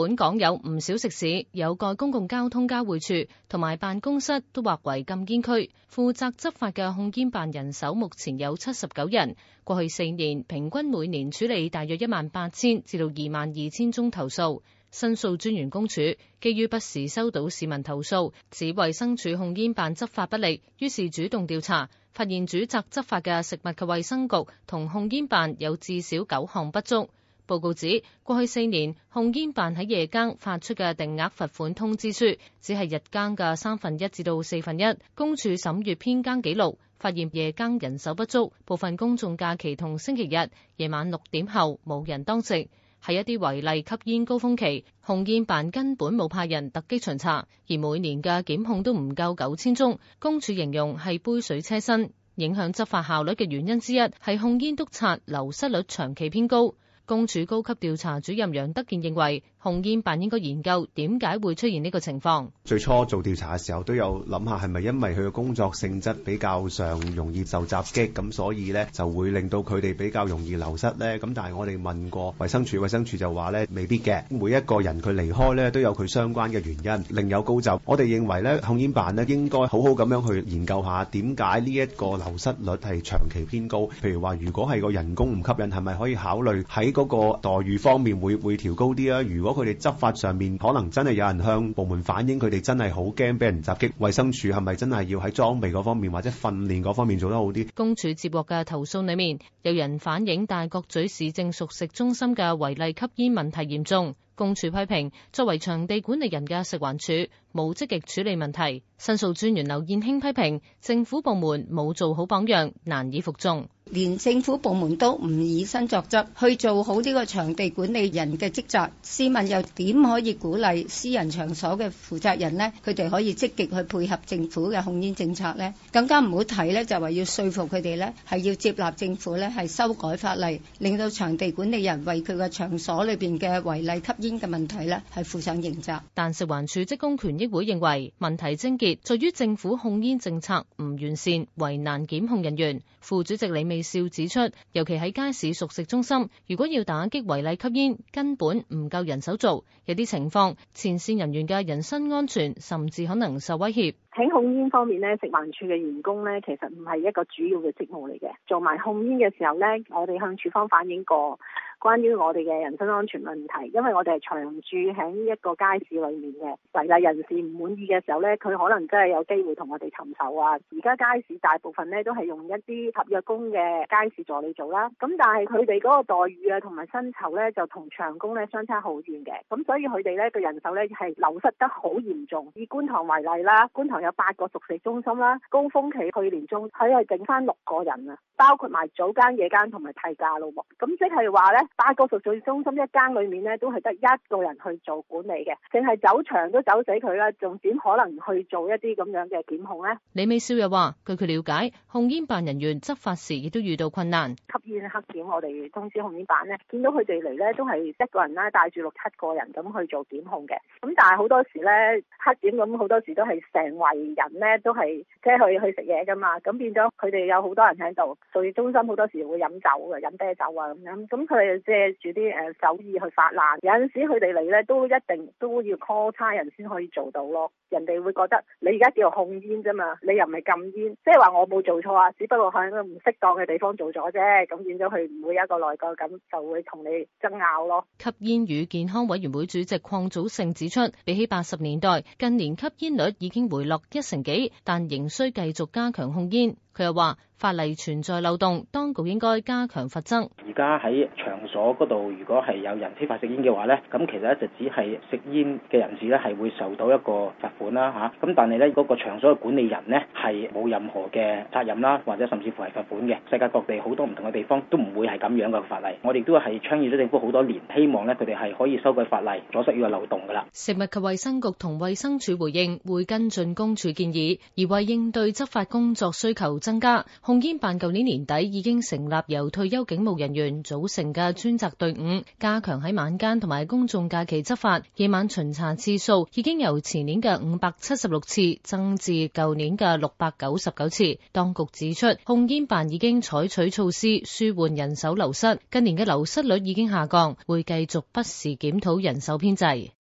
本港有唔少食肆有蓋公共交通交匯處同埋辦公室都劃為禁煙區。負責執法嘅控煙辦人手目前有七十九人。過去四年平均每年處理大約一萬八千至到二萬二千宗投訴。申訴專員公署基於不時收到市民投訴，指衞生署控煙辦執法不力，於是主動調查，發現主責執法嘅食物及衛生局同控煙辦有至少九項不足。報告指，過去四年控煙辦喺夜更發出嘅定額罰款通知書，只係日間嘅三分一至到四分一。公署審閱編更記錄，發現夜更人手不足，部分公眾假期同星期日夜晚六點後冇人當值，係一啲違例吸煙高峰期，控煙辦根本冇派人突擊巡查，而每年嘅檢控都唔夠九千宗。公署形容係杯水車薪，影響執法效率嘅原因之一係控煙督察流失率長期偏高。公署高級調查主任楊德健認為。控煙辦應該研究點解會出現呢個情況。最初做調查嘅時候都有諗下，係咪因為佢嘅工作性質比較上容易受襲擊，咁所以呢就會令到佢哋比較容易流失呢。咁但係我哋問過衛生署，衛生署就話呢未必嘅，每一個人佢離開呢都有佢相關嘅原因，另有高就。我哋認為呢控煙辦呢應該好好咁樣去研究下點解呢一個流失率係長期偏高。譬如話，如果係個人工唔吸引，係咪可以考慮喺嗰個待遇方面會會調高啲啊？如果如果佢哋執法上面可能真係有人向部門反映，佢哋真係好驚俾人襲擊，衛生署係咪真係要喺裝備嗰方面或者訓練嗰方面做得好啲？公署接獲嘅投訴裡面，有人反映大角咀市政熟食中心嘅違例吸煙問題嚴重，公署批評作為場地管理人嘅食環署冇積極處理問題。申訴專員劉燕卿批評政府部門冇做好榜樣，難以服眾。連政府部門都唔以身作則去做好呢個場地管理人嘅職責，市民又點可以鼓勵私人場所嘅負責人咧？佢哋可以積極去配合政府嘅控煙政策咧？更加唔好睇咧，就話要說服佢哋咧，係要接納政府咧，係修改法例，令到場地管理人為佢個場所裏邊嘅違例吸煙嘅問題咧，係負上刑責。但食環署職工權益會認為問題癥結在於政府控煙政策唔完善，為難檢控人員，副主席李美。笑指出，尤其喺街市熟食中心，如果要打擊違例吸煙，根本唔夠人手做，有啲情況前線人員嘅人身安全甚至可能受威脅。喺控煙方面呢，食環署嘅員工呢，其實唔係一個主要嘅職務嚟嘅。做埋控煙嘅時候呢，我哋向署方反映過。關於我哋嘅人身安全問題，因為我哋係長住喺一個街市裏面嘅，違例人士唔滿意嘅時候呢，佢可能真係有機會同我哋尋仇啊！而家街市大部分呢都係用一啲合約工嘅街市助理做啦，咁但係佢哋嗰個待遇啊，同埋薪酬呢，就同長工呢相差好遠嘅，咁所以佢哋呢個人手呢係流失得好嚴重。以觀塘為例啦，觀塘有八個熟食中心啦，高峰期去年中可以剩翻六個人啊，包括埋早間、夜間同埋替假咯喎，咁即係話呢。八個熟食中心一間裏面咧，都係得一個人去做管理嘅，淨係走場都走死佢啦，仲點可能去做一啲咁樣嘅檢控咧？李美少又話，據佢了解，控煙辦人員執法時亦都遇到困難。吸煙黑點，我哋通知控煙辦咧，見到佢哋嚟咧，都係一個人啦，帶住六七個人咁去做檢控嘅。咁但係好多時咧，黑點咁好多時都係成圍人咧，都係即係去去食嘢噶嘛。咁變咗佢哋有好多人喺度，熟食中心好多時會飲酒噶，飲啤酒啊咁樣。咁佢哋。即借住啲誒手意去發難，有陣時佢哋嚟咧都一定都要 call 差人先可以做到咯。人哋會覺得你而家叫控煙啫嘛，你又唔係禁煙，即係話我冇做錯啊，只不過喺唔適當嘅地方做咗啫，咁變咗佢唔會有一個內疚感就會同你爭拗咯。吸煙與健康委員會主席鄺祖勝指出，比起八十年代，近年吸煙率已經回落一成幾，但仍需繼續加強控煙。佢又話。法例存在漏洞，當局應該加強罰則。而家喺場所嗰度，如果係有人非法食煙嘅話呢，咁其實就只係食煙嘅人士呢，係會受到一個罰款啦吓。咁但係呢，嗰個場所嘅管理人呢，係冇任何嘅責任啦，或者甚至乎係罰款嘅。世界各地好多唔同嘅地方都唔會係咁樣嘅法例。我哋都係倡議咗政府好多年，希望呢，佢哋係可以修改法例，阻塞呢個漏洞噶啦。食物及衛生局同衛生署回應，會跟進公署建議，而為應對執法工作需求增加。控煙辦舊年年底已經成立由退休警務人員組成嘅專責隊伍，加強喺晚間同埋公眾假期執法。夜晚巡查次數已經由前年嘅五百七十六次增至舊年嘅六百九十九次。當局指出，控煙辦已經採取措施舒緩人手流失，近年嘅流失率已經下降，會繼續不時檢討人手編制。